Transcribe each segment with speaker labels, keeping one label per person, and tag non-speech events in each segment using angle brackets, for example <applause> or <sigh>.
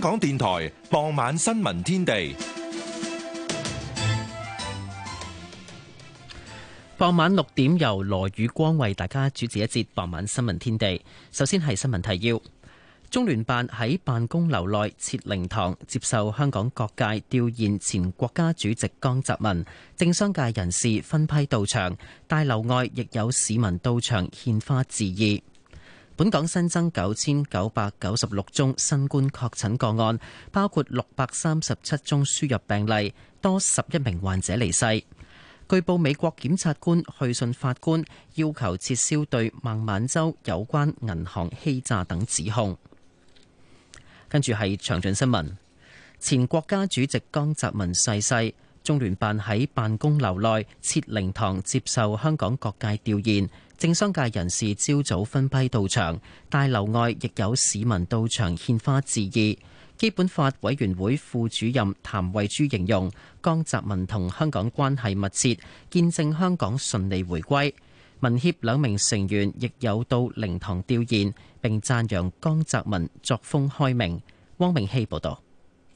Speaker 1: 香港電臺傍晚新聞天地。傍
Speaker 2: 晚六點由羅宇光為大家主持一節傍晚新聞天地。首先係新聞提要：中聯辦喺辦公樓內設靈堂，接受香港各界吊唁前國家主席江澤民。政商界人士分批到場，大樓外亦有市民到場獻花致意。本港新增九千九百九十六宗新冠確診個案，包括六百三十七宗輸入病例，多十一名患者離世。據報，美國檢察官去信法官，要求撤銷對孟晚舟有關銀行欺詐等指控。跟住係詳盡新聞：前國家主席江澤民逝世，中聯辦喺辦公樓內設靈堂，接受香港各界吊唁。政商界人士朝早分批到場，大樓外亦有市民到場獻花致意。基本法委員會副主任譚惠珠形容江澤民同香港關係密切，見證香港順利回歸。民協兩名成員亦有到靈堂弔唁，並讚揚江澤民作風開明。汪明熙報道。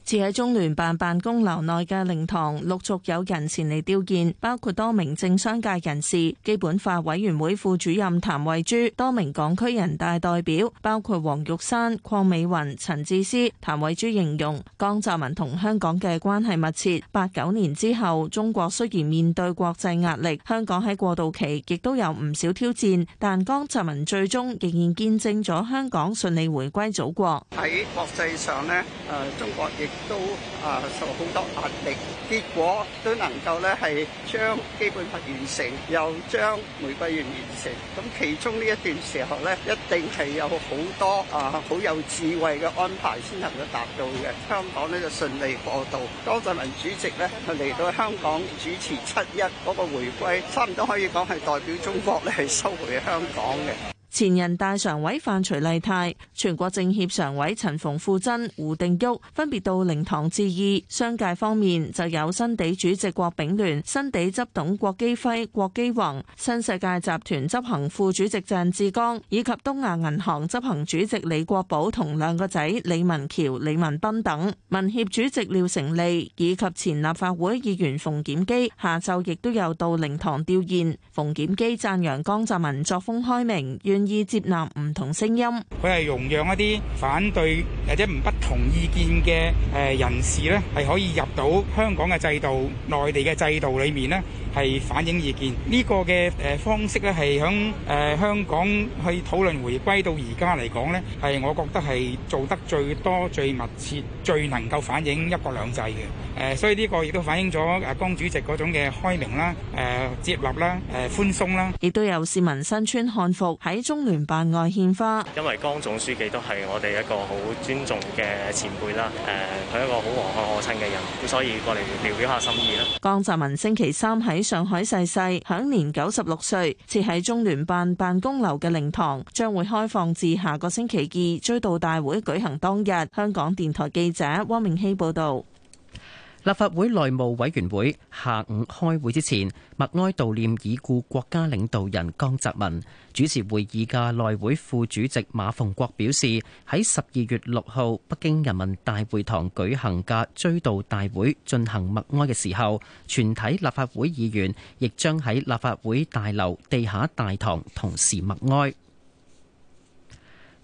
Speaker 3: 置喺中聯辦辦公樓內嘅靈堂，陸續有人前嚟吊唁，包括多名政商界人士、基本法委員會副主任譚慧珠、多名港區人大代表，包括黃玉山、鄺美雲、陳智思。譚慧珠形容江澤民同香港嘅關係密切。八九年之後，中國雖然面對國際壓力，香港喺過渡期亦都有唔少挑戰，但江澤民最終仍然見證咗香港順利回歸祖國。喺國
Speaker 4: 際上呢，誒中國亦都啊受
Speaker 5: 好多壓力，結果都能夠咧係將基本法完成，又將玫瑰園完成。咁其中呢一段時候咧，一定係有好多啊好有智慧嘅安排，先能夠達到嘅。香港咧就順利過渡。江澤民主席咧嚟到香港主持七一嗰個回歸，差唔多可以講
Speaker 4: 係代表中國咧係收回香港嘅。
Speaker 3: 前人大常委范徐麗泰、全國政協常委陳馮富珍、胡定旭分別到靈堂致意。商界方面就有新地主席郭炳聯、新地執董郭基輝、郭基煌；新世界集團執行副主席鄭志剛，以及東亞銀行執行主席李國寶同兩個仔李文橋、李文斌等。民協主席廖成利以及前立法會議員馮檢基下晝亦都有到靈堂吊唁。馮檢基讚揚江澤民作風開明，意接納唔同聲音，
Speaker 4: 佢係容讓一啲反對或者唔不同意見嘅誒人士呢係可以入到香港嘅制度、內地嘅制度裏面呢係反映意見。呢個嘅誒方式呢係響誒香港去討論回歸到而家嚟講呢係我覺得係做得最多、最密切、最能夠反映一國兩制嘅。誒，所以呢個亦都反映咗誒江主席嗰種嘅開明啦、誒接納啦、誒寬鬆
Speaker 3: 啦。亦都有市民身穿漢服喺中中聯辦外獻花，
Speaker 4: 因為江總書記都係我哋一個好尊重嘅前輩啦，誒，佢一個好和藹可親嘅人，咁所以過嚟聊表下心意啦。
Speaker 3: 江澤民星期三喺上海逝世，享年九十六歲，設喺中聯辦辦公樓嘅靈堂，將會開放至下個星期二，追悼大會舉行當日。香港電台記者汪明希報道。
Speaker 2: 立法會內務委員會下午開會之前，默哀悼念已故國家領導人江澤民。主持會議嘅內會副主席馬逢國表示，喺十二月六號北京人民大會堂舉行嘅追悼大會進行默哀嘅時候，全體立法會議員亦將喺立法會大樓地下大堂同時默哀。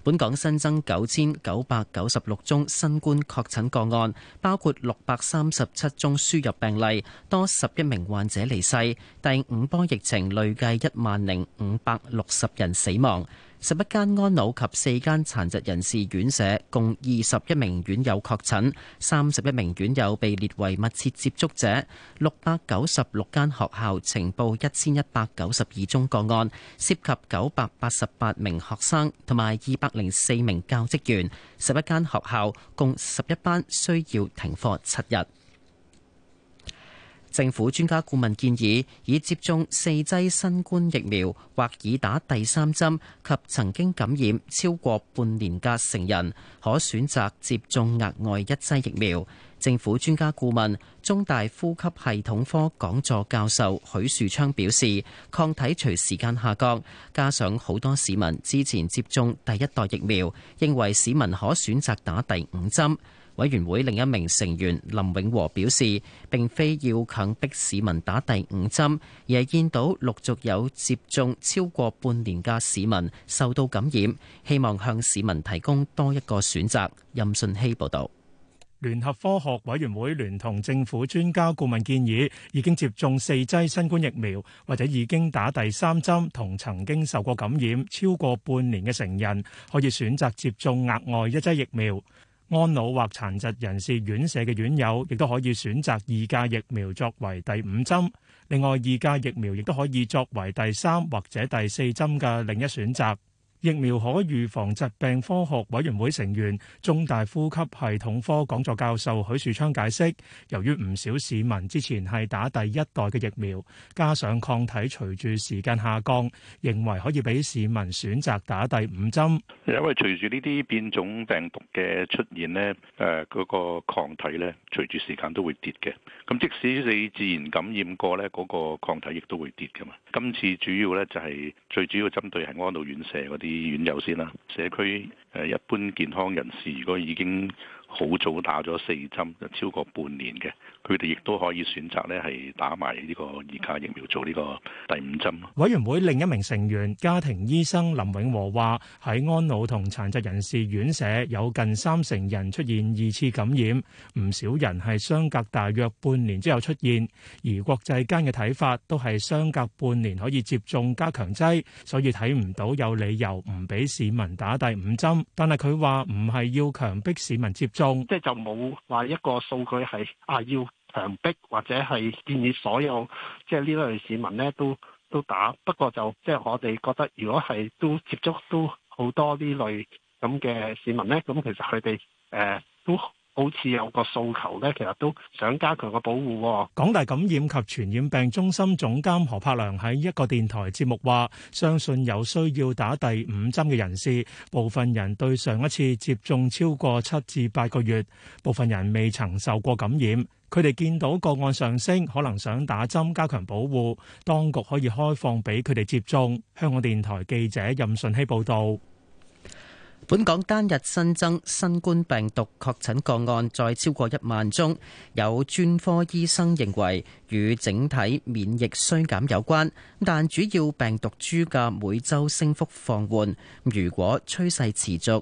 Speaker 2: 本港新增九千九百九十六宗新冠確診個案，包括六百三十七宗輸入病例，多十一名患者離世，第五波疫情累計一萬零五百六十人死亡。十一間安老及四間殘疾人士院舍，共二十一名院友確診，三十一名院友被列為密切接觸者。六百九十六間學校呈報一千一百九十二宗個案，涉及九百八十八名學生同埋二百零四名教職員。十一間學校共十一班需要停課七日。政府專家顧問建議，已接種四劑新冠疫苗或已打第三針及曾經感染超過半年嘅成人，可選擇接種額外一劑疫苗。政府專家顧問、中大呼吸系統科講座教授許樹昌表示，抗體隨時間下降，加上好多市民之前接種第一代疫苗，認為市民可選擇打第五針。委員會另一名成員林永和表示，並非要強迫市民打第五針，而係見到陸續有接種超過半年嘅市民受到感染，希望向市民提供多一個選擇。任順希報道。
Speaker 4: 聯合科學委員會聯同政府專家顧問建議，已經接種四劑新冠疫苗或者已經打第三針同曾經受過感染超過半年嘅成人，可以選擇接種額外一劑疫苗。安老或殘疾人士院舍嘅院友，亦都可以選擇二價疫苗作為第五針。另外，二價疫苗亦都可以作為第三或者第四針嘅另一選擇。疫苗可預防疾病科學委員會成員、中大呼吸系統科講座教授許樹昌解釋，由於唔少市民之前係打第一代嘅疫苗，加上抗體隨住時間下降，認為可以俾市民選擇打第五針。因為隨住呢啲變種病毒嘅出現咧，誒、那、嗰個抗體咧隨住時間都會跌嘅。咁即使你自然感染過咧，嗰、那個抗體亦都會跌噶嘛。今次主要咧就係最主要針對係安老院舍嗰啲。醫院優先啦，社區誒，一般健康人士如果已經。 <music> <music> <music> 好早打咗四針就超過半年嘅，佢哋亦都可以選擇咧，係打埋呢個二價疫苗，做呢個第五針。委員會另一名成員、家庭醫生林永和話，喺安老同殘疾人士院舍有近三成人出現二次感染，唔少人係相隔大約半年之後出現，而國際間嘅睇法都係相隔半年可以接種加強劑，所以睇唔到有理由唔俾市民打第五針，但係佢話唔係要強迫市民接種。即係就
Speaker 6: 冇話一個數據係啊要強迫，或者係建議所有即係呢類市民咧，都都打，不過就即係、就是、我哋覺得如果係都接觸都好多呢類咁嘅市民咧，咁其實佢哋誒都。好似有個訴求呢，其實都想
Speaker 1: 加強個保護。
Speaker 4: 港大感染及傳染病中心總監何柏良喺一個電台節目話：相信有需要打第五針嘅人士，部分人對上一次接種超過七至八個月，部分人未曾受過感染。佢哋見到個案上升，可能想打針加強保護。當局可以開放俾佢哋接種。香港電台記者任順希報道。本港單
Speaker 2: 日新增新冠病毒確診個案再超過一萬宗，有專科醫生認為與整體免疫衰減有關，但主要病毒株嘅每周升幅放緩。如果趨勢持續，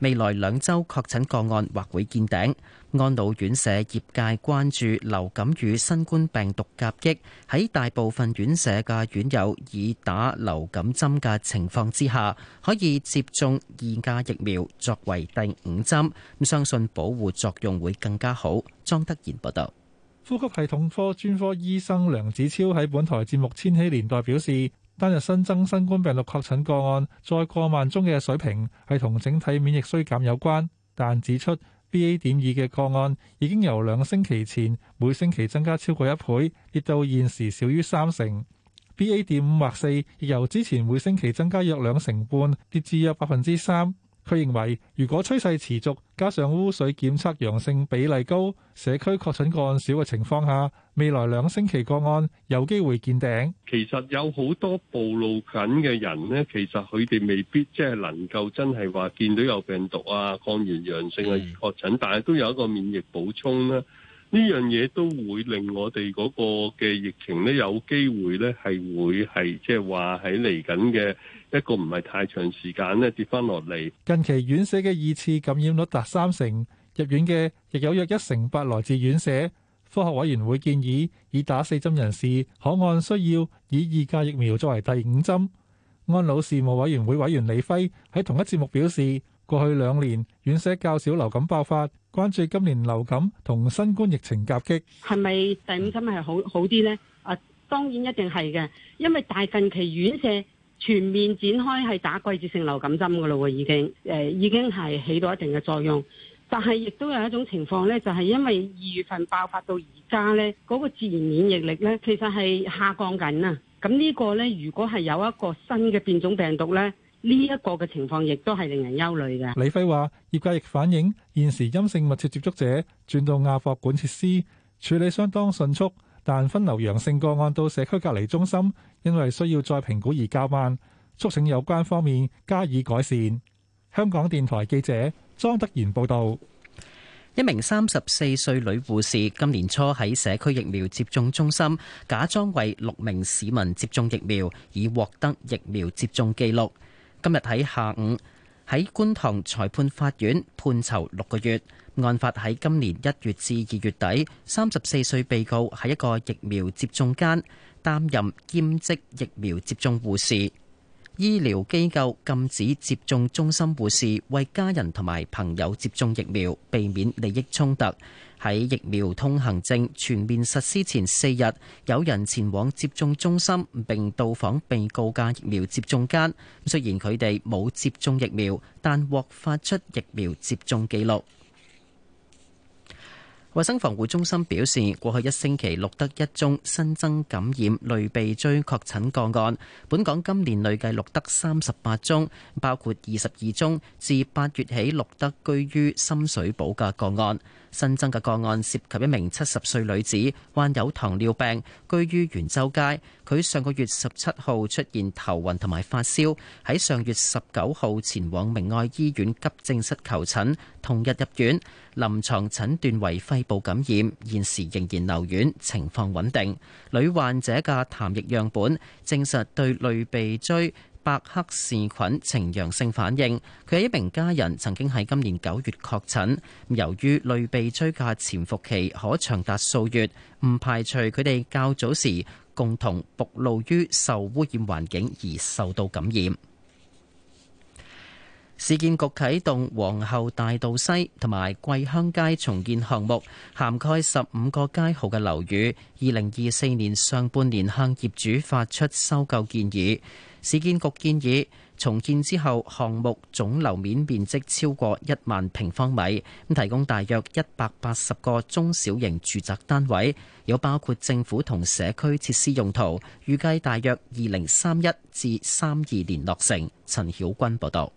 Speaker 2: 未來兩周確診個案或會見頂。安老院舍業界關注流感與新冠病毒夾擊，喺大部分院舍嘅院友已打流感針嘅情況之下，可以接種二價疫苗作為第五針，相信保護作用會更加好。莊德賢報道，
Speaker 1: 呼吸系統科專科醫生梁子超喺本台節目《千禧年代》表示。單日新增新冠病毒確診個案再過萬宗嘅水平係同整體免疫衰減有關，但指出 B A. 點二嘅個案已經由兩星期前每星期增加超過一倍，跌到現時少於三成；B A. 點五或四亦由之前每星期增加約兩成半，跌至約百分之三。佢認為如果趨勢持續，加上污水檢測陽性比例高、社區確診個案少嘅情況下，未來兩星期個案有機會見頂。其實有好多暴露緊嘅人咧，其實，佢哋未必即係能夠真係話見到有病毒啊、抗原陽性嘅確診，但係都有一個免疫補充啦。呢樣嘢都會令我哋嗰個嘅疫情咧有機會咧係會，係即係話，喺嚟緊嘅。一個唔係太長時間呢，跌翻落嚟。近期院舍嘅二次感染率達三成，入院嘅亦有約一成八來自院舍。科學委員會建議，已打四針人士可按需要以二價疫苗作為第五針。安老事務委員會委員李輝喺同一節目表示，過去兩年院舍較少流感爆發，關注今年流感同新冠疫情夾擊。
Speaker 3: 係咪第五針係好好啲呢？啊，當然一定係嘅，因為大近期院舍。全面展開係打季節性流感針嘅咯，已經誒、呃、已經係起到一定嘅作用。但係亦都有一種情況咧，就係、是、因為二
Speaker 4: 月份爆發到而
Speaker 3: 家咧，嗰、那個自然免疫力咧，其實係下降緊啊。咁呢個咧，如果係有一個新嘅變種病毒咧，呢、這、一個嘅情況亦都係令人憂慮嘅。李輝
Speaker 1: 話業界亦反映現時陰性密切接觸者轉到亞博館設施處理相當迅速。但分流陽性個案到社區隔離中心，因為需要再評估而較慢，促請有關方面加以改善。香港電台記者莊德賢報道，一名三十四歲女護士今年初
Speaker 2: 喺社區疫苗接種中心假裝為六名市民接種疫苗，以獲得疫苗接種記錄，今日喺下午。喺觀塘裁判法院判囚六個月。案發喺今年一月至二月底，三十四歲被告喺一個疫苗接種間擔任兼職疫苗接種護士。醫療機構禁止接種中心護士為家人同埋朋友接種疫苗，避免利益衝突。喺疫苗通行證全面實施前四日，有人前往接種中心並到訪被告嘅疫苗接種間，雖然佢哋冇接種疫苗，但獲發出疫苗接種記錄。衛生防護中心表示，過去一星期錄得一宗新增感染類鼻疽確診個案。本港今年累計錄得三十八宗，包括二十二宗自八月起錄得居於深水埗嘅個案。新增嘅個案涉及一名七十歲女子，患有糖尿病，居於元州街。佢上個月十七號出現頭暈同埋發燒，喺上月十九號前往明愛醫院急症室求診，同日入院，臨床診斷為肺部感染，現時仍然留院，情況穩定。女患者嘅痰液樣本證實對類鼻疽伯克氏菌呈陽性反應，佢係一名家人曾經喺今年九月確診。由於類鼻疽潛伏期可長達數月，唔排除佢哋較早時共同暴露於受污染環境而受到感染。市建局啟動皇后大道西同埋桂香街重建項目，涵蓋十五個街號嘅樓宇，二零二四年上半年向業主發出收購建議。市建局建議重建之後，項目總樓面面積超過一萬平方米，咁提供大約一百八十個中小型住宅單位，有包括政府同社區設施用途，預計大約二零三一至三二年落成。陳曉君報道。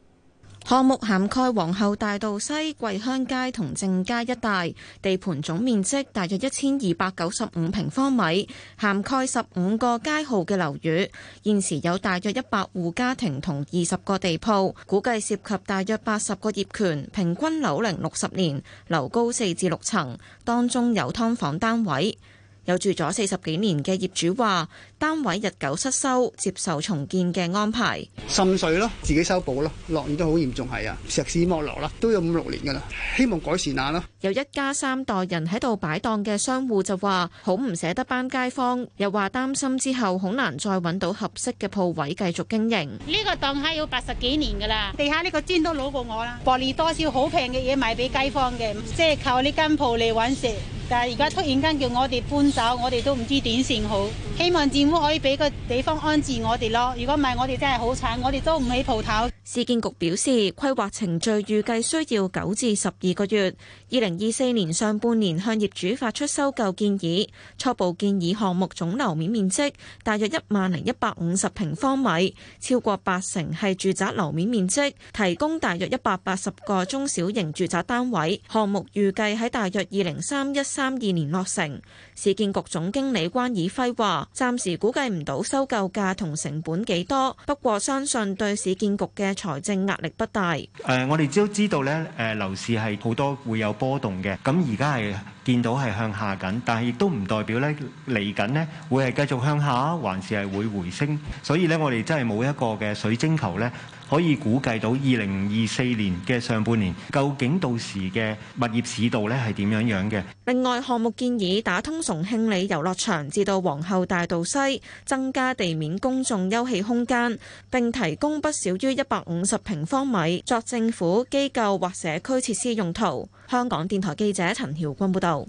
Speaker 7: 項目涵蓋皇后大道西、桂香街同正街一帶，地盤總面積大約一千二百九十五平方米，涵蓋十五個街號嘅樓宇。現時有大約一百戶家庭同二十個地鋪，估計涉及大約八十個業權，平均樓齡六十年，樓高四至六層，當中有劏房單位。有住咗四十幾年嘅業主話：單位日久失修，接受
Speaker 5: 重建嘅安排，滲水咯，自己修補咯，落雨都好嚴重係啊，石屎剝落啦，都有五六年噶啦，希望改善下咯。1>
Speaker 7: 有一家三代人喺度擺檔嘅商戶就話：好唔捨得班街坊，又話擔心之後好難再揾到合適嘅鋪位繼續經營。呢個檔係要八十幾年噶啦，地下呢個磚都老過我啦，薄利多銷，好平嘅嘢賣俾街坊嘅，即係靠呢間鋪嚟揾食。但係而家突然間叫我哋搬走，我哋都唔知點算好。希望政府可以俾個地方安置我哋咯。如果唔係，我哋真係好慘。我哋都唔起鋪頭。市建局表示，規劃程序預計需要九至十二個月。二零二四年上半年向業主發出收購建議，初步建議項目總樓面面積大約一萬零一百五十平方米，超過八成係住宅樓面面積，提供大約一百八十個中小型住宅單位。項目預計喺大約二零三一三二年落成。市建局總經理關以輝話：暫時估計唔到收購價同成本幾多，不過相信對市建局嘅財政壓力不大。
Speaker 6: 誒、呃，我哋都知道咧，誒、呃，樓市係好多會有波動嘅，咁而家係見到係向下緊，但係亦都唔代表咧嚟緊咧會係繼續向下，還是係會回升？所以咧，我哋真係冇一個嘅水晶球咧。可以估計到二零二四年嘅上半年，究竟到時嘅物業市道咧係點樣樣嘅？
Speaker 7: 另外項目建議打通崇慶里遊樂場至到皇后大道西，增加地面公眾休憩空間，並提供不少於一百五十平方米作政府、機構或社區設施用途。香港電台記者陳曉君報導。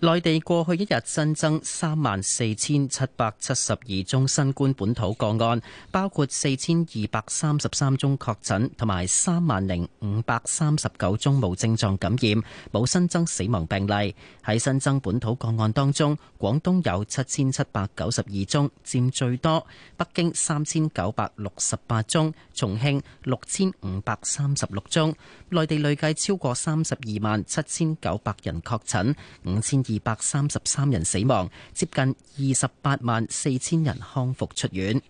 Speaker 2: 內地過去一日新增三萬四千七百七十二宗新冠本土個案，包括四千二百三十三宗確診，同埋三萬零五百三十九宗無症狀感染，冇新增死亡病例。喺新增本土個案當中，廣東有七千七百九十二宗，佔最多；北京三千九百六十八宗，重慶六千五百三十六宗。內地累計超過三十二萬七千九百人確診，五千。二百三十三人死亡，接近二十八萬四千人康復出院。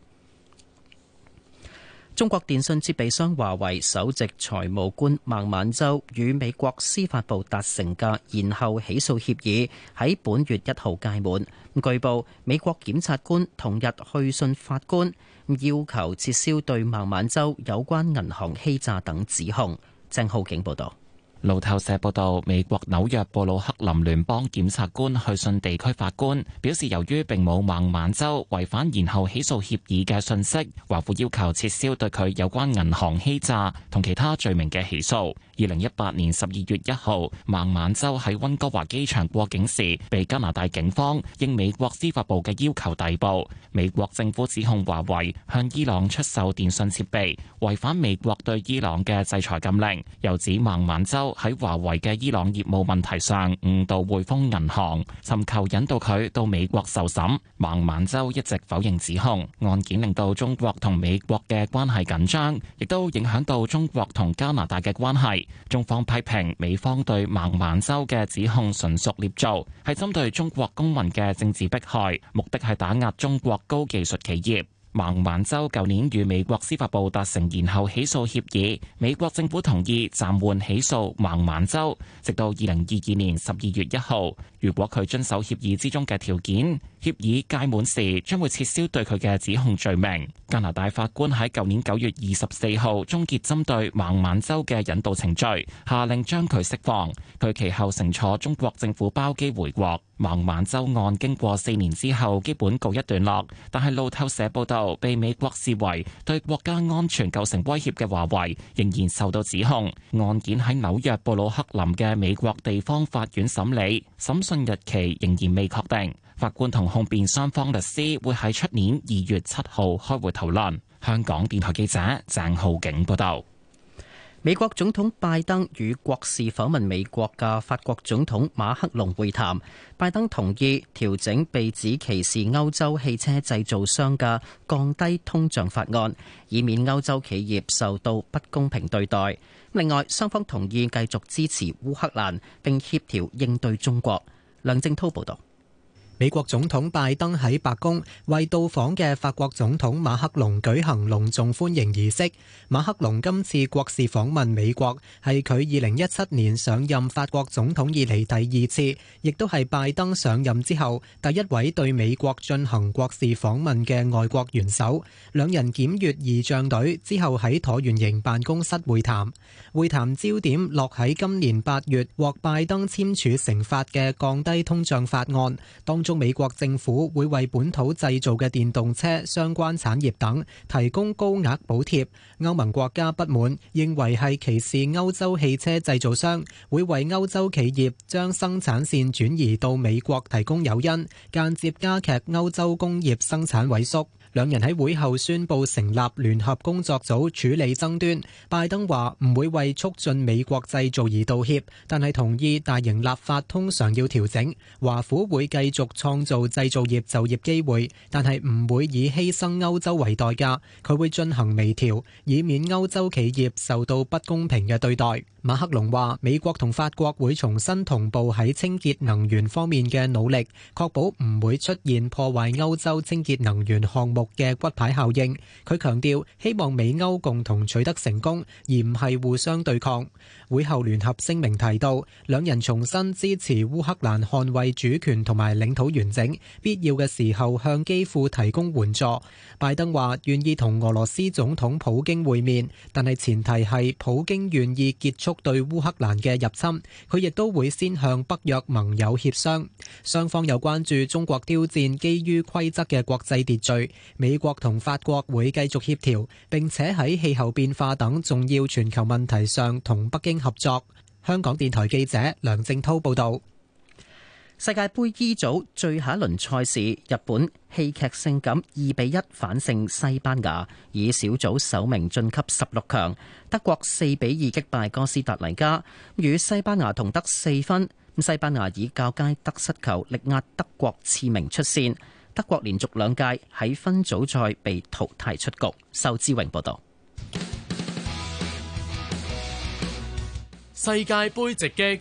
Speaker 2: 中國電信設備商華為首席財務官孟晚舟與美國司法部達成嘅延後起訴協議喺本月一號屆滿。據報，美國檢察官同日去信法官，要求撤銷對孟晚舟有關銀行欺詐等指控。鄭浩景
Speaker 8: 報道。路透社報道，美國紐約布魯克林聯邦檢察官去信地區法官，表示由於並冇孟晚舟違反延後起訴協議嘅信息，華府要求撤銷對佢有關銀行欺詐同其他罪名嘅起訴。二零一八年十二月一號孟晚舟喺溫哥華機場過境時被加拿大警方應美國司法部嘅要求逮捕。美國政府指控華為向伊朗出售電信設備，違反美國對伊朗嘅制裁禁令。又指孟晚舟喺華為嘅伊朗業務問題上誤導匯豐銀行，尋求引導佢到美國受審。孟晚舟一直否認指控。案件令到中國同美國嘅關係緊張，亦都影響到中國同加拿大嘅關係。中方批評美方對孟晚舟嘅指控純屬捏造，係針對中國公民嘅政治迫害，目的係打壓中國高技術企業。孟晚舟舊年與美國司法部達成延後起訴協議，美國政府同意暫緩起訴孟晚舟，直到二零二二年十二月一號。如果佢遵守協議之中嘅條件，協議屆滿時將會撤銷對佢嘅指控罪名。加拿大法官喺舊年九月二十四號終結針對孟晚舟嘅引渡程序，下令將佢釋放。佢其後乘坐中國政府包機回國。孟晚舟案經過四年之後，基本告一段落。但係路透社報道，被美國視為對國家安全構成威脅嘅華為仍然受到指控。案件喺紐約布魯克林嘅美國地方法院審理，審訊日期仍然未確定。法官同控辯雙方律師會喺出年二月七號開會討論。香港電台記者鄭浩景報道。美國總統拜
Speaker 2: 登與國事訪問美國嘅法國總統馬克龍會談，拜登同意調整被指歧視歐洲汽車製造商嘅降低通脹法案，以免歐洲企業受到不公平對待。另外，雙方同意繼續支持烏克蘭，並協調應對中國。梁正滔報道。
Speaker 9: 美國總統拜登喺白宮為到訪嘅法國總統馬克龍舉行隆重歡迎儀式。馬克龍今次國事訪問美國係佢二零一七年上任法國總統以嚟，第二次，亦都係拜登上任之後第一位對美國進行國事訪問嘅外國元首。兩人檢閱儀仗隊之後喺橢圓形辦公室會談，會談焦點落喺今年八月獲拜登簽署成法嘅降低通脹法案。當中美國政府會為本土製造嘅電動車相關產業等提供高額補貼，歐盟國家不滿，認為係歧視歐洲汽車製造商，會為歐洲企業將生產線轉移到美國提供誘因，間接加劇歐洲工業生產萎縮。兩人喺會後宣布成立聯合工作組處理爭端。拜登話唔會為促進美國製造而道歉，但係同意大型立法通常要調整。華府會繼續創造製造業就業機會，但係唔會以犧牲歐洲為代價，佢會進行微調，以免歐洲企業受到不公平嘅對待。馬克龍話美國同法國會重新同步喺清潔能源方面嘅努力，確保唔會出現破壞歐洲清潔能源項目嘅骨牌效應，佢強調希望美歐共同取得成功，而唔係互相對抗。會後聯合聲明提到，兩人重新支持烏克蘭捍衛主權同埋領土完整，必要嘅時候向基輔提供援助。拜登話願意同俄羅斯總統普京會面，但係前提係普京願意結束對烏克蘭嘅入侵。佢亦都會先向北約盟友協商。雙方又關注中國挑戰基於規則嘅國際秩序。美國同法國會繼續協調，並且喺氣候變化等重要全球問題上同北京合
Speaker 2: 作。香港電台記者梁正滔報導。世界盃 E 組最後一輪賽事，日本戲劇性感二比一反勝西班牙，以小組首名晉級十六強。德國四比二擊敗哥斯達黎加，與西班牙同得四分。西班牙以較佳得失球力壓德國次名出線。德國連續兩屆喺分組賽被淘汰出
Speaker 10: 局。秀志榮報道。
Speaker 4: 世界杯直擊。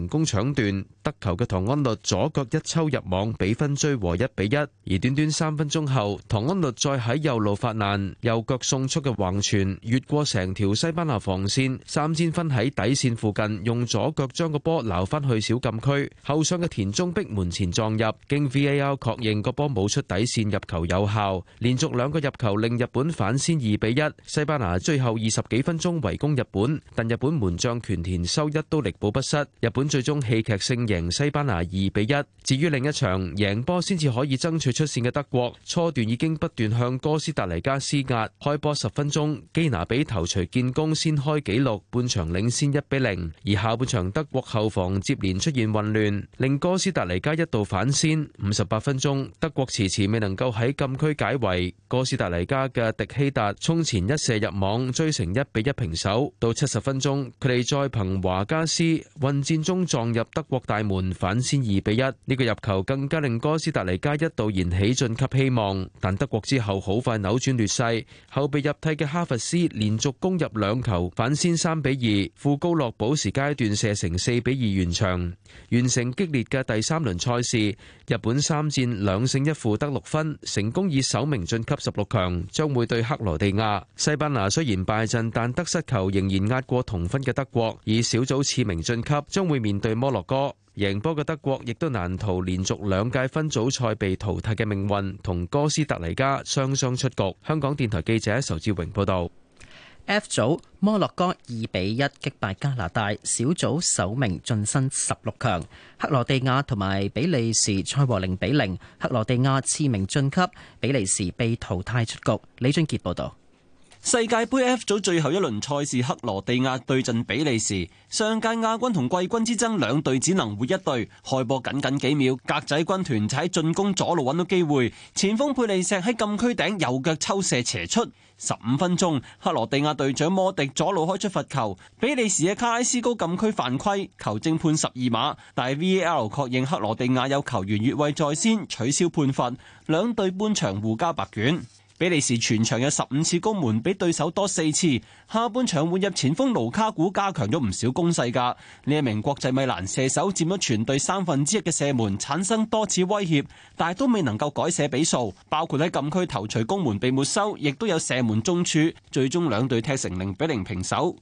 Speaker 10: 成功搶斷得球嘅唐安律左腳一抽入網，比分追和一比一。而短短三分鐘後，唐安律再喺右路發難，右腳送出嘅橫傳越過成條西班牙防線，三肩分喺底線附近，用左腳將個波撈翻去小禁區。後上嘅田中碧門前撞入，經 VAR 確認個波冇出底線入球有效，連續兩個入球令日本反先二比一。西班牙最後二十幾分鐘圍攻日本，但日本門將權田修一都力保不失。日本。最終戲劇性贏西班牙二比一。至於另一場贏波先至可以爭取出線嘅德國，初段已經不斷向哥斯達黎加施壓。開波十分鐘，基拿比頭錘建功先開紀錄，半場領先一比零。而下半場德國後防接連出現混亂，令哥斯達黎加一度反先。五十八分鐘，德國遲遲未能夠喺禁區解圍，哥斯達黎加嘅迪希達衝前一射入網，追成一比一平手。到七十分鐘，佢哋再憑華加斯混戰中。撞入德國大門，反先二比一。呢個入球更加令哥斯達黎加一度燃起晉級希望，但德國之後好快扭轉劣勢。後備入替嘅哈弗斯連續攻入兩球，反先三比二。富高洛保時階段射成四比二完場，完成激烈嘅第三輪賽事。日本三戰兩勝一負得六分，成功以首名晉級十六強，將會對克羅地亞。西班牙雖然敗陣，但得失球仍然壓過同分嘅德國，以小組次名晉級，將會面。面對摩洛哥，贏波嘅德國亦都難逃連續兩屆分組賽被淘汰嘅命運，同哥斯達黎加雙雙出局。香港電台記者仇志榮報道：F 組，摩洛哥二比
Speaker 2: 一擊敗加拿大，小組首名晉身十六強。克羅地亞同埋比利時賽和零比零，克羅地亞次名晉級，比利時被淘汰出局。李俊杰報道。
Speaker 11: 世界杯 F 組最後一輪賽事，克羅地亞對陣比利時。上屆亞軍同季軍之爭，兩隊只能活一隊。開波僅僅幾秒，格仔軍團就喺進攻左路揾到機會，前鋒佩利石喺禁區頂右腳抽射斜出。十五分鐘，克羅地亞隊長摩迪左路開出罰球，比利時嘅卡拉斯高禁區犯規，球證判十二碼，但係 V A L 確認克羅地亞有球員越位在先，取消判罰，兩隊半場互交白卷。比利時全場有十五次攻門，比對手多四次。下半場換入前鋒盧卡古加強咗唔少攻勢㗎。呢一名國際米蘭射手佔咗全隊三分之一嘅射門，產生多次威脅，但係都未能夠改寫比數。包括喺禁區頭槌攻門被沒收，亦都有射門中柱。最終兩隊踢成零比零平手。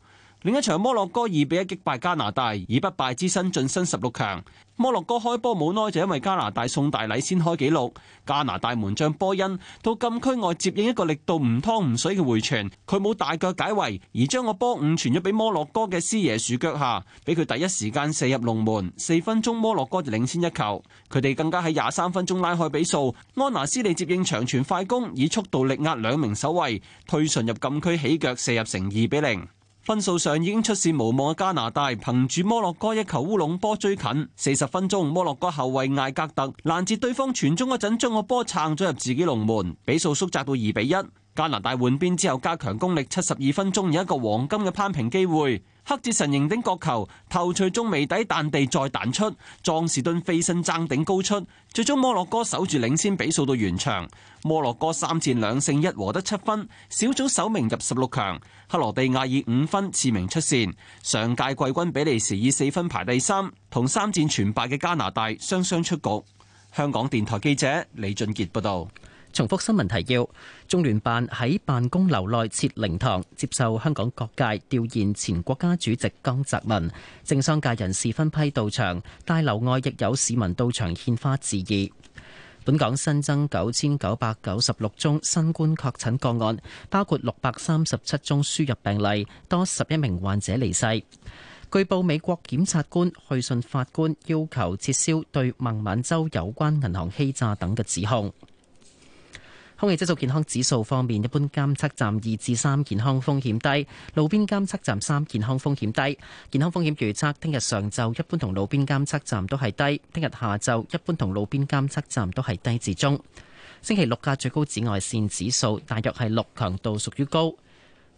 Speaker 11: 另一場摩洛哥二比一擊敗加拿大，以不敗之身晉身十六強。摩洛哥開波冇耐就因為加拿大送大禮先開紀錄。加拿大門將波恩到禁區外接應一個力度唔湯唔水嘅回傳，佢冇大腳解圍，而將個波誤傳咗俾摩洛哥嘅師爺鼠腳下，俾佢第一時間射入龍門。四分鐘摩洛哥就領先一球。佢哋更加喺廿三分鐘拉開比數。安娜斯利接應長傳快攻，以速度力壓兩名守衞，退巡入禁區起腳射入成二比零。分數上已經出線無望嘅加拿大，憑住摩洛哥一球烏龍波追近，四十分鐘摩洛哥後衛艾格特攔截對方傳中嗰陣，將個波撐咗入自己龍門，比數縮窄到二比一。加拿大換邊之後加強攻力，七十二分鐘有一個黃金嘅攀平機會。黑捷神認頂角球，頭槌中眉底，彈地再彈出，壯士敦飛身爭頂高出。最終摩洛哥守住領先比數到完場。摩洛哥三戰兩勝一和得七分，小組首名入十六強。克羅地亞以五分次名出線。上屆季軍比利時以四分排第三，同三戰全敗嘅加拿大雙雙出局。香港電台記者李俊傑報道。重複新聞提要：中
Speaker 2: 聯辦喺辦公樓內設靈堂，接受香港各界吊唁前國家主席江澤民。政商界人士分批到場，大樓外亦有市民到場獻花致意。本港新增九千九百九十六宗新冠確診個案，包括六百三十七宗輸入病例，多十一名患者離世。據報，美國檢察官去信法官，要求撤銷對孟晚舟有關銀行欺詐等嘅指控。空氣質素健康指數方面，一般監測站二至三，健康風險低；路邊監測站三，健康風險低。健康風險預測，聽日上晝一般同路邊監測站都係低；聽日下晝一般同路邊監測站都係低至中。星期六嘅最高紫外線指數大約係六，強度屬於高。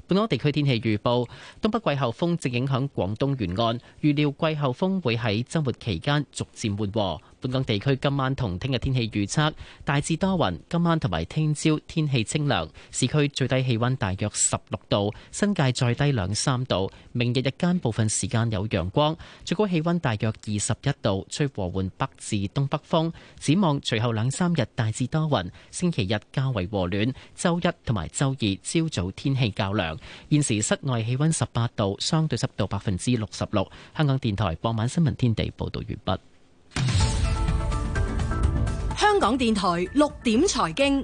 Speaker 2: 本港地區天氣預報：東北季候風正影響廣東沿岸，預料季候風會喺周末期間逐漸緩和。本港地區今晚同聽日天氣預測大致多雲，今晚同埋聽朝天氣清涼，市區最低氣溫大約十六度，新界再低兩三度。明日日間部分時間有陽光，最高氣溫大約二十一度，吹和緩北至東北風，展望隨後兩三日大致多雲，星期日較為和暖，周一同埋周二朝早天氣較涼，現時室外氣溫十八度，相對濕度百分之六十六。香港電台傍晚新聞天地報道完畢。
Speaker 12: 香港電台六點財經，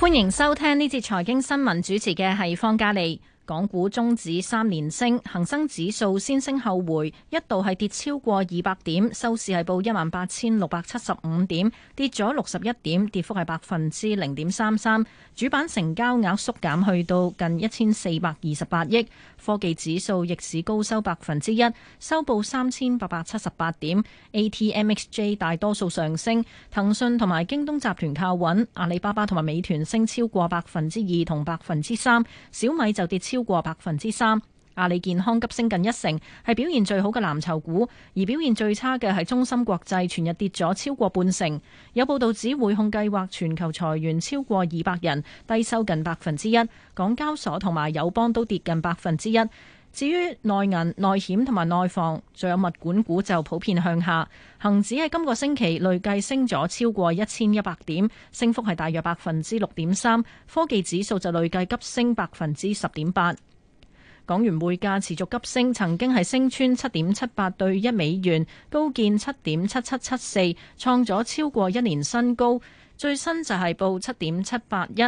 Speaker 12: 歡迎收聽呢節財經新聞，主持嘅係方嘉利。港股終止三連升，恒生指數先升後回，一度係跌超過二百點，收市係報一萬八千六百七十五點，跌咗六十一點，跌幅係百分之零點三三。主板成交額縮減去到近一千四百二十八億。科技指數逆市高收百分之一，收報三千八百七十八點。ATMXJ 大多數上升，騰訊同埋京東集團靠穩，阿里巴巴同埋美團升超過百分之二同百分之三，小米就跌。超過百分之三，阿里健康急升近一成，係表現最好嘅藍籌股；而表現最差嘅係中芯國際，全日跌咗超過半成。有報道指匯控計劃全球裁員超過二百人，低收近百分之一。港交所同埋友邦都跌近百分之一。至於內銀、內險同埋內房，仲有物管股就普遍向下。恒指喺今個星期累計升咗超過一千一百點，升幅係大約百分之六點三。科技指數就累計急升百分之十點八。港元匯價持續急升，曾經係升穿七點七八對一美元，高見七點七七七四，創咗超過一年新高。最新就係報七點七八一。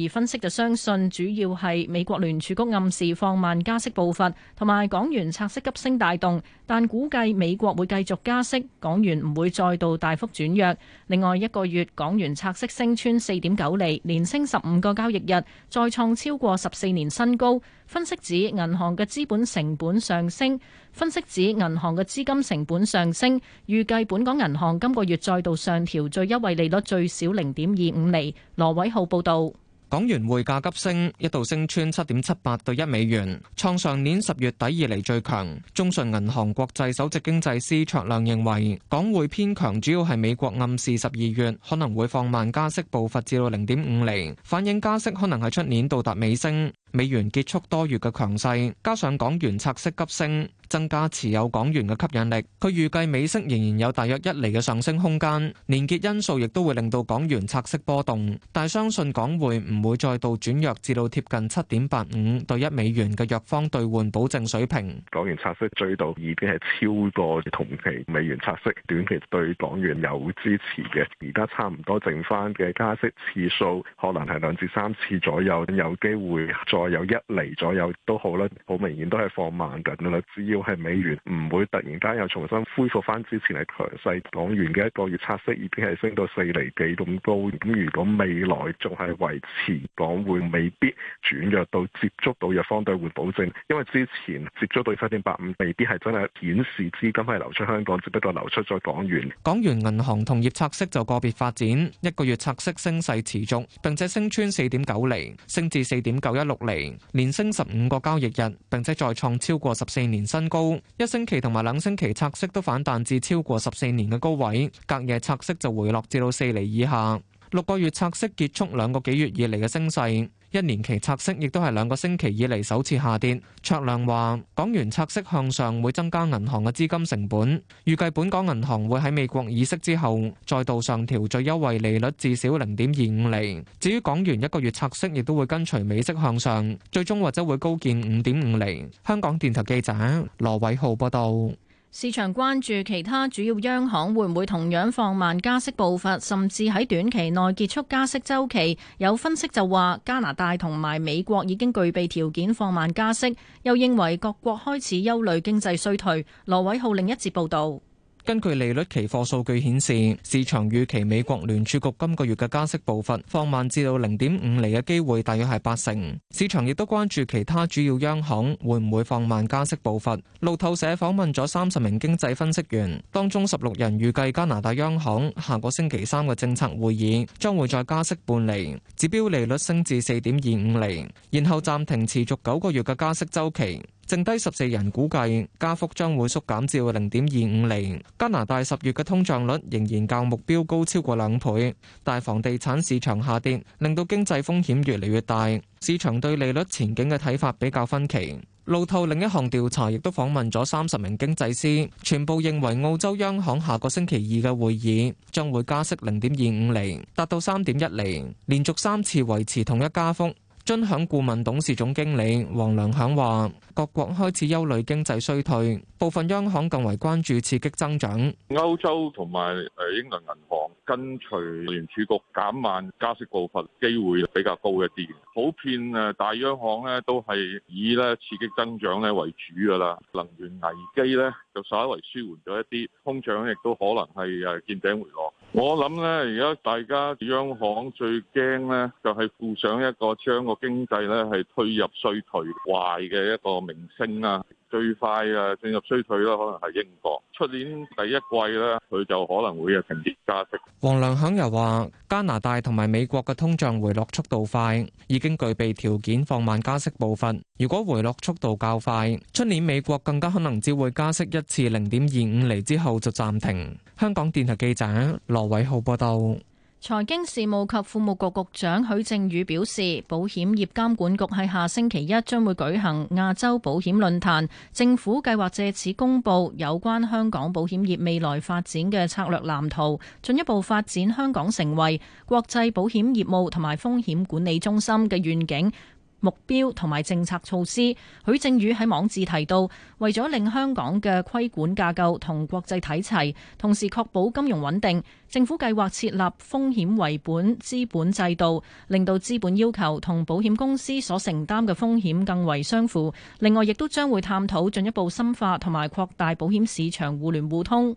Speaker 12: 而分析就相信，主要係美國聯儲局暗示放慢加息步伐，同埋港元拆息急升帶動。但估計美國會繼續加息，港元唔會再度大幅轉弱。另外一個月，港元拆息升穿四點九厘，連升十五個交易日，再創超過十四年新高。分析指銀行嘅資本成本上升，分析指銀行嘅資金成本上升，預計本港銀行今個月再度上調最優惠利率最少零點二五厘。羅偉浩報道。
Speaker 5: 港元匯價急升，一度升穿七點七八對一美元，創上年十月底以嚟最強。中信銀行國際首席經濟師卓亮認為，港匯偏強主要係美國暗示十二月可能會放慢加息步伐至到零點五厘，反映加息可能係出年到達尾聲。美元結束多月嘅強勢，加上港元拆息急升，增加持有港元嘅吸引力。佢預計美息仍然有大約一厘嘅上升空間，年結因素亦都會令到港元拆息波動，但係相信港匯唔會再度轉弱，至到貼近七點八五對一美元嘅弱方兌換保證水平。
Speaker 1: 港元拆息追到已經係超過同期美元拆息，短期對港元有支持嘅。而家差唔多剩返嘅加息次數，可能係兩至三次左右，有機會再有一厘左右都好啦，好明顯都係放慢緊啦，只要係美元唔會突然間又重新恢復翻之前係強勢，港元嘅一個月拆息已經係升到四厘幾咁高。咁如果未來仲係維持港匯未必轉弱到接觸到弱方兌換保證，因為之前接觸到七點八五未必係真係顯示資金係流出香港，只不過流出咗港元，
Speaker 5: 港元銀行同業拆息就個別發展，一個月拆息升勢持續，並且升穿四點九厘，升至四點九一六。嚟，連升十五個交易日，並且再創超過十四年新高。一星期同埋兩星期拆息都反彈至超過十四年嘅高位，隔夜拆息就回落至到四厘以下。六個月拆息結束兩個幾月以嚟嘅升勢。一年期拆息亦都係兩個星期以嚟首次下跌。卓亮話：港元拆息向上會增加銀行嘅資金成本。預計本港銀行會喺美國議息之後再度上調最優惠利率至少零點二五厘。至於港元一個月拆息亦都會跟隨美息向上，最終或者會高見五點五厘。香港電台記者羅偉浩報道。
Speaker 12: 市場關注其他主要央行會唔會同樣放慢加息步伐，甚至喺短期內結束加息周期。有分析就話，加拿大同埋美國已經具備條件放慢加息，又認為各國開始憂慮經濟衰退。羅偉浩另一節報道。
Speaker 5: 根據利率期貨數據顯示，市場預期美國聯儲局今個月嘅加息步伐放慢至到零點五厘嘅機會大約係八成。市場亦都關注其他主要央行會唔會放慢加息步伐。路透社訪問咗三十名經濟分析員，當中十六人預計加拿大央行下個星期三嘅政策會議將會再加息半厘，指標利率升至四點二五厘，然後暫停持續九個月嘅加息週期。剩低十四人，估計加幅將會縮減至零點二五釐。加拿大十月嘅通脹率仍然較目標高超過兩倍，但房地產市場下跌，令到經濟風險越嚟越大。市場對利率前景嘅睇法比較分歧。路透另一項調查亦都訪問咗三十名經濟師，全部認為澳洲央行下個星期二嘅會議將會加息零點二五釐，達到三點一釐，連續三次維持同一加幅。尊享顧問董事總經理黃良響話，各國開始憂慮經濟衰退，部分央行更為關注刺激增長。
Speaker 1: 歐洲同埋誒英倫銀行跟隨聯儲局減慢加息步伐，機會比較高一啲。普遍誒大央行咧都係以咧刺激增長咧為主噶啦。能源危機咧就稍為舒緩咗一啲，通脹亦都可能係誒見頂回落。我諗咧，而家大家央行最驚咧，就係附上一個將個經濟咧係推入衰退壞嘅一個明星喇！最快嘅進入衰退啦，可能係英國。出年第一季咧，佢就可能會有層別加息。
Speaker 5: 黃良享又話加拿大同埋美國嘅通脹回落速度快，已經具備條件放慢加息步伐。如果回落速度較快，出年美國更加可能只會加息一次零點二五厘之後就暫停。香港電台記者羅偉浩報道。
Speaker 12: 財經事務及庫務局局長許正宇表示，保險業監管局喺下星期一將會舉行亞洲保險論壇，政府計劃借此公布有關香港保險業未來發展嘅策略藍圖，進一步發展香港成為國際保險業務同埋風險管理中心嘅願景。目標同埋政策措施，許正宇喺網誌提到，為咗令香港嘅規管架構同國際睇齊，同時確保金融穩定，政府計劃設立風險為本資本制度，令到資本要求同保險公司所承擔嘅風險更為相符。另外，亦都將會探討進一步深化同埋擴大保險市場互聯互通。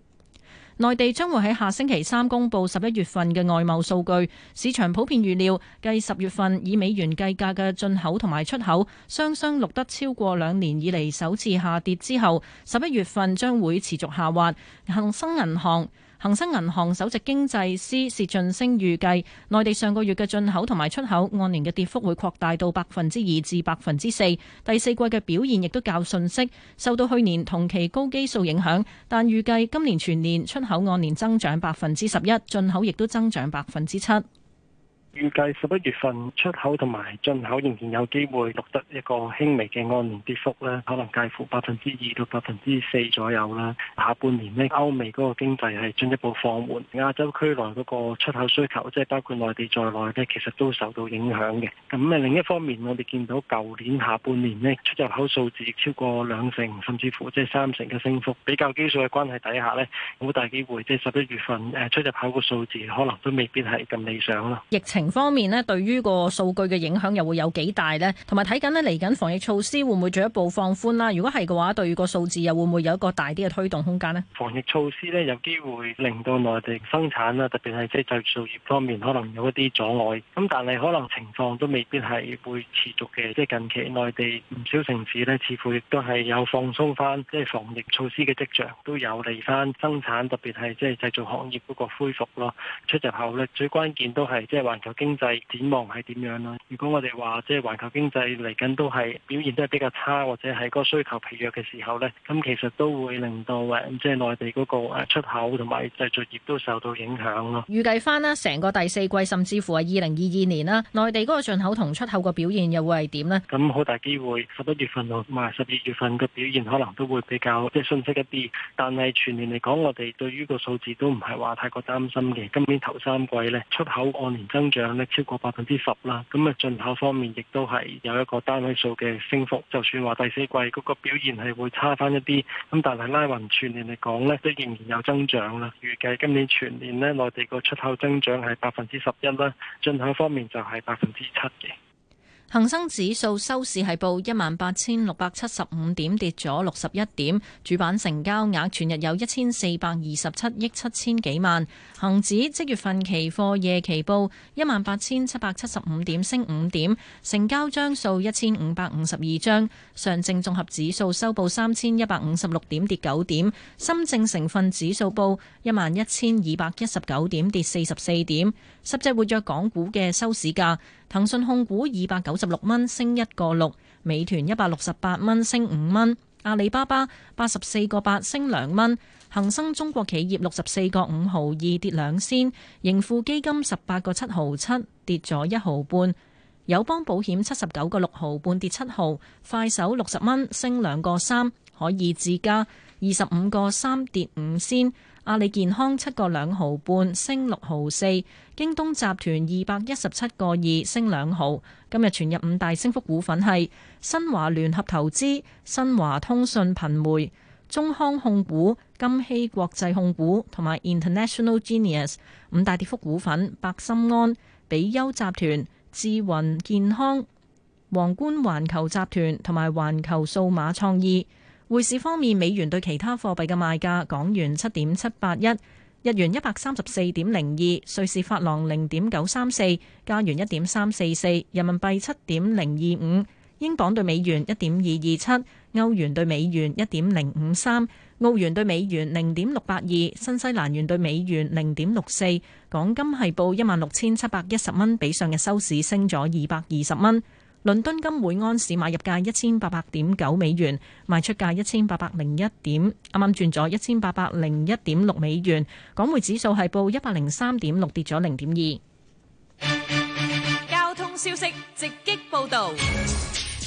Speaker 12: 內地將會喺下星期三公布十一月份嘅外貿數據，市場普遍預料，繼十月份以美元計價嘅進口同埋出口雙雙錄得超過兩年以嚟首次下跌之後，十一月份將會持續下滑。恒生銀行。恒生銀行首席經濟師薛俊昇預計，內地上個月嘅進口同埋出口按年嘅跌幅會擴大到百分之二至百分之四，第四季嘅表現亦都較遜色，受到去年同期高基數影響，但預計今年全年出口按年增長百分之十一，進口亦都增長百分之七。
Speaker 6: 預計十一月份出口同埋進口仍然有機會錄得一個輕微嘅按年跌幅咧，可能介乎百分之二到百分之四左右啦。下半年呢，歐美嗰個經濟係進一步放緩，亞洲區內嗰個出口需求，即係包括內地在內咧，其實都受到影響嘅。咁啊另一方面，我哋見到舊年下半年呢，出入口數字超過兩成，甚至乎即係三成嘅升幅，比較基數嘅關係底下咧，好大機會即係十一月份誒出入口個數字可能都未必係咁理想咯。
Speaker 12: 疫情。方面呢，對於個數據嘅影響又會有幾大呢？同埋睇緊呢嚟緊防疫措施會唔會進一步放寬啦？如果係嘅話，對於個數字又會唔會有一個大啲嘅推動空間呢？
Speaker 6: 防疫措施呢，有機會令到內地生產啦，特別係即係製造業方面可能有一啲阻礙。咁但係可能情況都未必係會持續嘅，即係近期內地唔少城市呢似乎亦都係有放鬆翻即係防疫措施嘅跡象，都有利翻生產，特別係即係製造行業嗰個恢復咯。出入口呢，最關鍵都係即係環境，經濟展望係點樣呢？如果我哋話即係環球經濟嚟緊都係表現都係比較差，或者係嗰個需求疲弱嘅時候呢，咁其實都會令到誒即係內地嗰個出口同埋製造業都受到影響咯。預
Speaker 12: 計翻啦，成個第四季甚至乎係二零二二年啦，內地嗰個進口同出口個表現又會
Speaker 6: 係點呢？咁好大機會十一月份同埋十二月份嘅表現可能都會比較即係遜色一啲，但係全年嚟講，我哋對於個數字都唔係話太過擔心嘅。今年頭三季呢，出口按年增長咧超過百分之十啦，咁啊進口方面亦都係有一個單位數嘅升幅，就算話第四季嗰個表現係會差翻一啲，咁但係拉勻全年嚟講呢，都仍然有增長啦。預計今年全年呢，內地個出口增長係百分之十一啦，進口方面就係百分之七嘅。
Speaker 12: 恒生指數收市係報一萬八千六百七十五點，跌咗六十一點。主板成交額全日有一千四百二十七億七千幾萬。恒指即月份期貨夜期報一萬八千七百七十五點，升五點，成交張數一千五百五十二張。上證綜合指數收報三千一百五十六點，跌九點。深證成分指數報一萬一千二百一十九點，跌四十四點。十隻活躍港股嘅收市價。騰訊控股二百九十六蚊升一個六，美團一百六十八蚊升五蚊，阿里巴巴八十四個八升兩蚊，恒生中國企業六十四個五毫二跌兩仙，盈富基金十八個七毫七跌咗一毫半，友邦保險七十九個六毫半跌七毫，快手六十蚊升兩個三，海爾智家二十五個三跌五仙。阿里健康七個兩毫半升六毫四，京東集團二百一十七個二升兩毫。今日全日五大升幅股份係新華聯合投資、新華通訊頻媒、中康控股、金禧國際控股同埋 International Genius。五大跌幅股份：百心安、比優集團、智雲健康、皇冠環球集團同埋環球數碼創意。匯市方面，美元對其他貨幣嘅賣價：港元七點七八一，日元一百三十四點零二，瑞士法郎零點九三四，加元一點三四四，人民幣七點零二五，英鎊對美元一點二二七，歐元對美元一點零五三，澳元對美元零點六八二，新西蘭元對美元零點六四。港金係報一萬六千七百一十蚊，比上日收市升咗二百二十蚊。倫敦金每安士買入價一千八百點九美元，賣出價一千八百零一點，啱啱轉咗一千八百零一點六美元。港匯指數係報一百零三點六，
Speaker 13: 跌咗零點二。
Speaker 12: 交通消息直擊報道，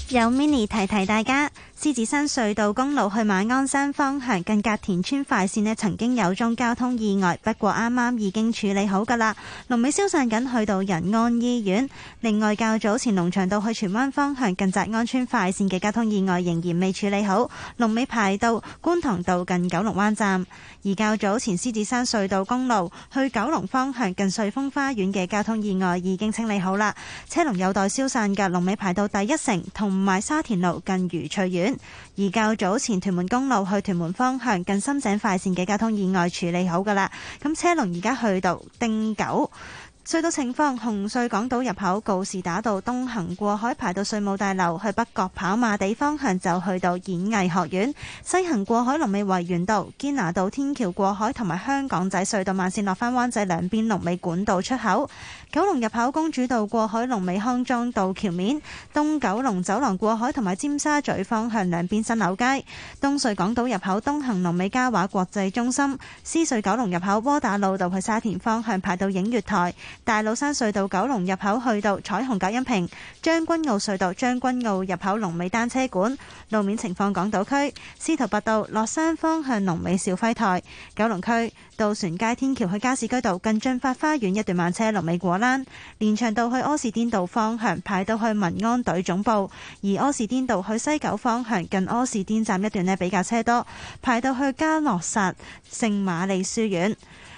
Speaker 13: 有 Mini 提提大家。獅子山隧道公路去馬鞍山方向近隔田村快綫咧，曾經有宗交通意外，不過啱啱已經處理好噶啦。龍尾消散緊，去到仁安醫院。另外，較早前龍翔道去荃灣方向近澤安村快綫嘅交通意外仍然未處理好，龍尾排到觀塘道近九龍灣站。而較早前獅子山隧道公路去九龍方向近瑞峰花園嘅交通意外已經清理好啦，車龍有待消散噶，龍尾排到第一城同埋沙田路近愉翠苑。而較早前屯門公路去屯門方向近深井快線嘅交通意外處理好㗎喇，咁車龍而家去到汀九。隧道情況：紅隧港島入口告士打道東行過海，排到稅務大樓；去北角跑馬地方向就去到演藝學院。西行過海，龍尾維園道堅拿道天橋過海，同埋香港仔隧道慢線落翻灣仔兩邊龍尾管道出口。九龍入口公主道過海，龍尾康莊道橋面；東九龍走廊過海，同埋尖沙咀方向兩邊新樓街。東隧港島入口東行龍尾嘉華國際中心；獅隧九龍入口窩打老道去沙田方向，排到映月台。大老山隧道九龍入口去到彩虹隔音屏，將軍澳隧道將軍澳入口龍尾單車館路面情況，港島區司徒拔道落山方向龍尾肇輝台，九龍區渡船街天橋去加士居道近駿發花園一段慢車龍尾果欄，連翔道去柯士甸道方向排到去民安隊總部，而柯士甸道去西九方向近柯士甸站一段呢比較車多，排到去嘉諾撒聖瑪利書院。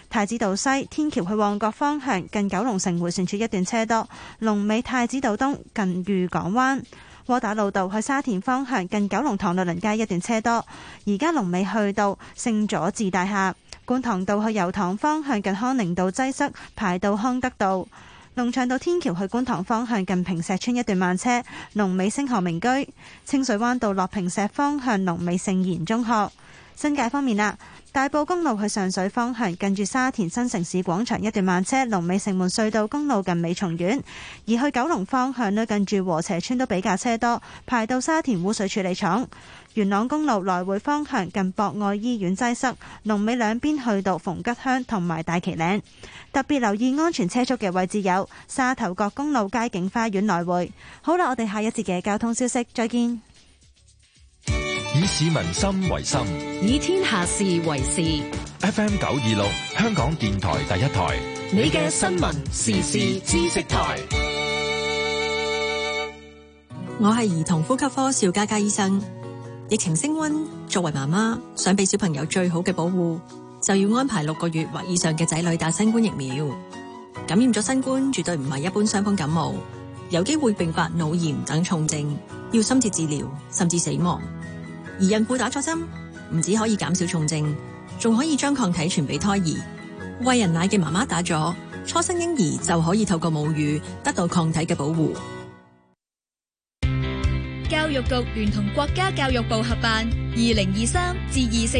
Speaker 13: 太子道西天橋去旺角方向近九龍城迴旋處一段車多，龍尾太子道東近裕港灣，窩打老道去沙田方向近九龍塘律倫街一段車多，而家龍尾去到聖佐治大廈，觀塘道去油塘方向近康寧道擠塞，排到康德道，龍翔道天橋去觀塘方向近坪石村一段慢車，龍尾星河明居，清水灣道落坪石方向龍尾聖賢中學，新界方面啊。大埔公路去上水方向，近住沙田新城市廣場一段慢車；龍尾城門隧道公路近美松苑；而去九龍方向呢近住和斜村都比較車多，排到沙田污水處理廠。元朗公路來回方向近博愛醫院擠塞，龍尾兩邊去到逢吉鄉同埋大旗嶺。特別留意安全車速嘅位置有沙頭角公路街景花園來回。好啦，我哋下一節嘅交通消息，再見。
Speaker 1: 以市民心為心，
Speaker 13: 以天下事為事。
Speaker 1: F. M. 九二六，香港電台第一台。
Speaker 13: 你嘅
Speaker 12: 新聞時事知識台。我係兒童呼吸科邵嘉嘉醫生。疫情升温，作為媽媽想俾小朋友最好嘅保護，就要安排六個月或以上嘅仔女打新冠疫苗。感染咗新冠，絕對唔係一般傷風感冒，有機會併發腦炎等重症，要深切治療，甚至死亡。而孕婦打咗針，唔止可以減少重症，仲可以將抗體傳俾胎兒。喂人奶嘅媽媽打咗，初生嬰兒就可以透過母乳得到抗體嘅保護。
Speaker 10: 教育局聯同國家教育部合辦二零二三至二四。